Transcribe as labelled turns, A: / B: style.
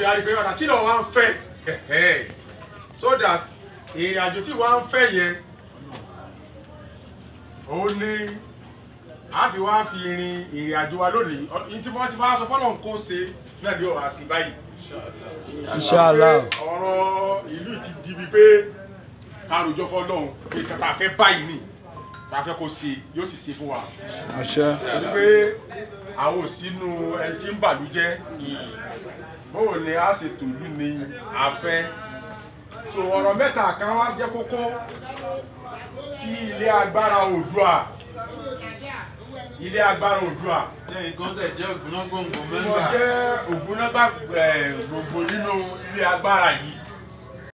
A: fi arí pé ọ̀dà kí ló wá ń fẹ́ so that ìrìn àjò tí wọ́n ń fẹ́ yẹn ó ní a fi wá fi rin ìrìn àjò wa lónìí ní tí wọ́n ti máa sọ fọ́lọ̀ ń kó ṣe náà ni ọ̀rọ̀ àṣì báyìí
B: inshallah
A: ọ̀rọ̀ ìlú ti di bíi pé károjọ́ fọ́lọ́hún pé kàtà fẹ́ báyìí ni tàfẹ́ kó ṣe yóò sì ṣe fún wa àwọn òsínú ẹni tí ń bàlújẹ́ bóò ni a sì tòlú ni a fẹ́ so ọ̀rọ̀ mẹ́ta kan wá
C: jẹ́ kókó tí ilé agbára Oòduà ilé agbára Oòduà. ẹnìkan tẹ̀ jẹ́ ògúnná gbòǹgbò gbòǹgbò eh, nínú ilé agbára yìí.